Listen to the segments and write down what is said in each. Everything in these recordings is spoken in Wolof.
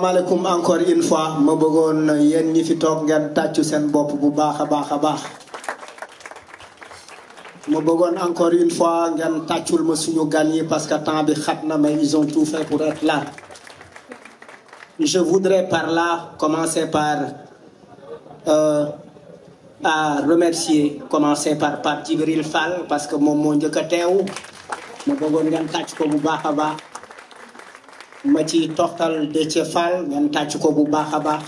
asalaamaaleykum encore une fois ma bëggoon yéen ñi fi toog ngeen tàccu seen bopp bu baax a baax a baax ma bëggoon encore une fois ngeen tàccul ma suñu gan yi parce que temps bi xat na mais ils ont tout fait pour être là je voudrais par là commencer par euh, à remercier commencer par Pape Djibril Fall parce que moom moo njëkk a teew ma bëggoon ngeen tàcc ko bu baax a baax ma ci de Déthié Fall ngeen tàcc ko bu baax a baax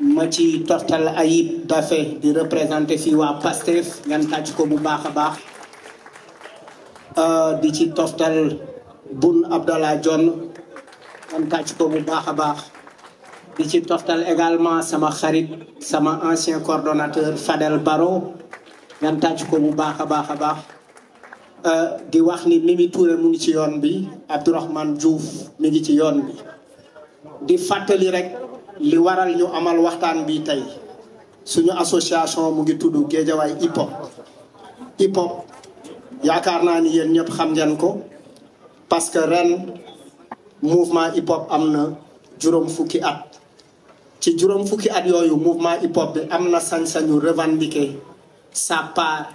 ma ci toxtal Ayib Daffé di représenté fii waa Pastef ngeen tàcc ko bu euh, di ci Boun Abdallah John, ngeen tàcc ko bu baax a di ci également sama xarit sama ancien coordonnateur Fadel Baro, ngeen tàcc ko bu baax a Euh, di wax ni mi Mimi Touré mu ngi ci yoon bi Abdourahmane Diouf mi ngi ci yoon bi di fàttali rek li waral ñu amal waxtaan bi tey suñu association mu ngi tudd Géejawaay hip hop hip hop yaakaar naa ni yéen ñëpp xam ngeen ko parce que ren mouvement hip hop am na juróom fukki at ci juróom fukki at yooyu mouvement hip hop bi am na sañ-sañu revendiquer sa part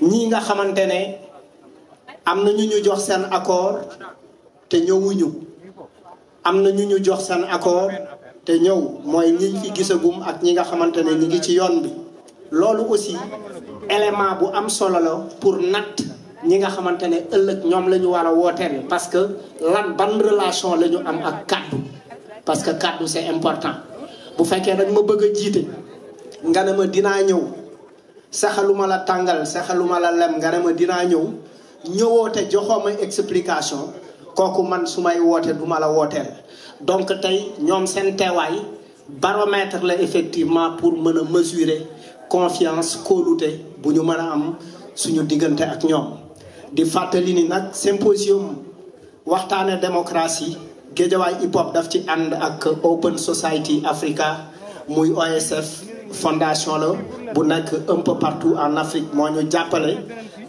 ñii nga xamante ne am na ñu ñu jox seen accord te ñëwuñu am na ñu ñu jox seen accord te ñëw mooy ñiñ fi gisagum ak ñi nga xamante ne ñi ngi ci yoon bi loolu aussi élément bu am solo la pour natt ñi nga xamante ne ëllëg ñoom la ñu war a wooteel parce que lan ban relation la ñu am ak kàddu parce que kàddu c'est important bu fekkee nag ma bëgg a jiite nga ne ma dinaa ñëw saxaluma la tàngal saxaluma la lem nga ne ma dinaa ñëw ñëwoote joxoo ma explication kooku man su may woote du ma la wooteel donc tey ñoom seen teewaay baromètre la effectivement pour mën a mesurer confiance kóolute bu ñu mën a am suñu diggante ak ñoom di fàttali ni nag symposium waxtaane démocratie Guédiawaye hip hop daf ci ànd ak Open Society Africa muy OSF fondation là, bu un peu partout en Afrique moi ñu jàppale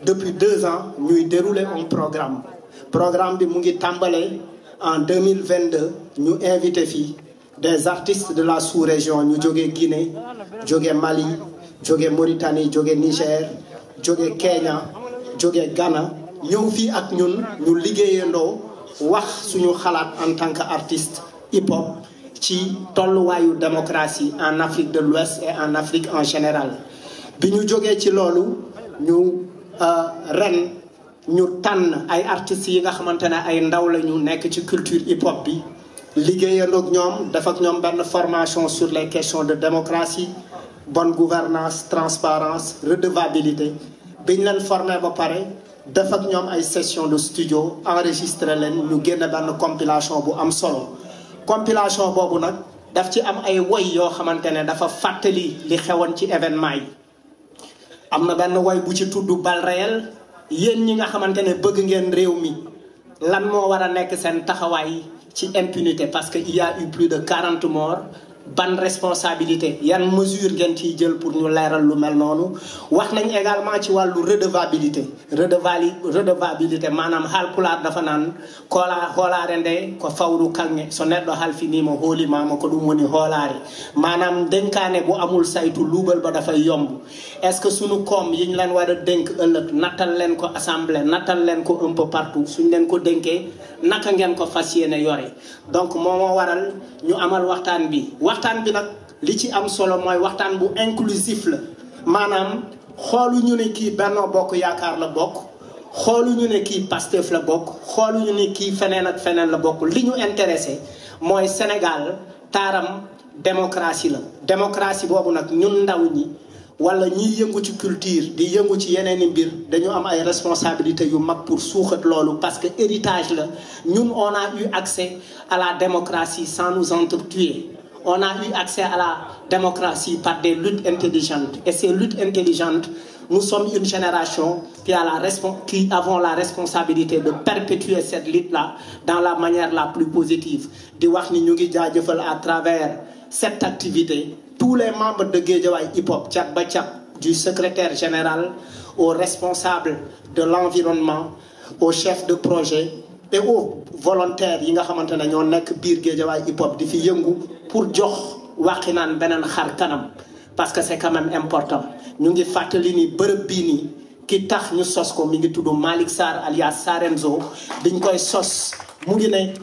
depuis deux ans nous déroulons un programme programme de Mungi ngi en 2022 nous invité des artistes de la sous-région Nous jouons au Guinée au Mali au Mauritanie au Niger au Kenya au Ghana nous, nous ak ñun ñu liggéeyandoo wax suñu xalaat en tant qu'artiste, hip hop ci tolluwaayu démocratie en Afrique de l'Ouest et en Afrique en général bi ñu ci loolu ñu euh, ren ñu tànn ay artistes yi nga ay la nekk culture hip hop bi liggéeyandoog ñoom formation sur les questions de démocratie bonne gouvernance transparence redevabilité biñ leen formé ba session de studio enregistré nous ñu génn benn compilation bu am solo compilation de nag daf ci am ay way yoo xamante dafa fàttali li xewoon ci événement yi am na bu ci bal réel yéen ñi nga xamante ne bëgg ngeen réew mi lan moo war a nekk seen impunité parce qu'il y a eu plus de 40 morts ban responsabilité une mesure qui est pour ñu lu mel nonu wax nañ également ci walu redevabilité redevali redevabilité hal haalpulaar dafa ko la xolaare nde ko fawru kalŋe so mo holi mama ko dum woni hoolaare manam bu amul saytu ba yomb est ce que suñu kom yiñ war denk ko assemblée natal ko un peu partout suñ leen ko ko yore donc momo waral ñu amal waxtaan bi nag li ci am solo mooy waxtaan bu inclusif la maanaam xooluñu ne kii Benno Bokk Yaakaar la bokk xooluñu ne kii Pastef la bokk xooluñu ne kii feneen ak feneen la bokk li ñu intéressé mooy Sénégal taaram démocratie la démocratie boobu nag ñun ndaw ñi wala ñiy yëngu ci culture di yëngu ci yeneen i mbir dañu am ay responsabilités yu mag pour suuxat loolu parce que héritage la ñun on a eu accès à la démocratie sans nous entretuer on a eu accès à la démocratie par des luttes intelligentes. Et ces luttes intelligentes, nous sommes une génération qui, a la qui avons la responsabilité de perpétuer cette lutte-là dans la manière la plus positive. De à travers cette activité, tous les membres de Guédiawaï Hip Hop, du secrétaire général aux responsables de l'environnement, aux chefs de projet, te au volontaire yi nga xamante ne ñoo nekk biir Géejawaay hip hop di fi yëngu pour jox Wakhinane beneen xar kanam parce que c'est quand même important ñu ngi fàttali nii bërëb bii nii ki tax ñu sos ko mi ngi tudd Malick Sarr alias Sarenzo biñ koy sos mu ngi ne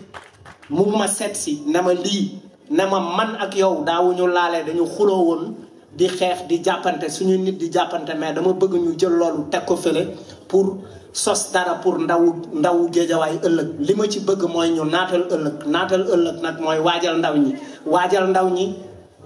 mu ma seet si na ma lii ne ma man ak yow daawuñu laale dañu xuloo woon di xeex di jàppante suñu nit di jàppante mais dama bëgg ñu jël loolu teg ko fële pour sos dara pour ndaw ndaw djéjaway ëllëg lima ci bëgg moy ñu natal ëllëg natal ëllëg nak moy wajal ndaw ñi wajal ndaw ñi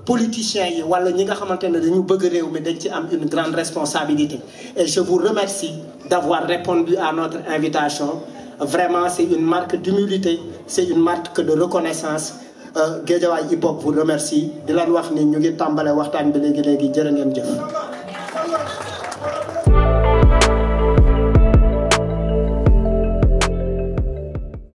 politiciens yi wala ñi nga xamantene dañu bëgg réew mi dañ ci am une grande responsabilité et je vous remercie d'avoir répondu à notre invitation vraiment c'est une marque d'humilité c'est une marque de reconnaissance euh Hip Hop vous remercie de la wax ni ñu ngi tambalé waxtaan bi léegi-léegi jërë ngeen jëf